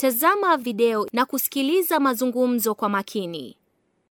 Tazama video na kusikiliza mazungumzo kwa makini.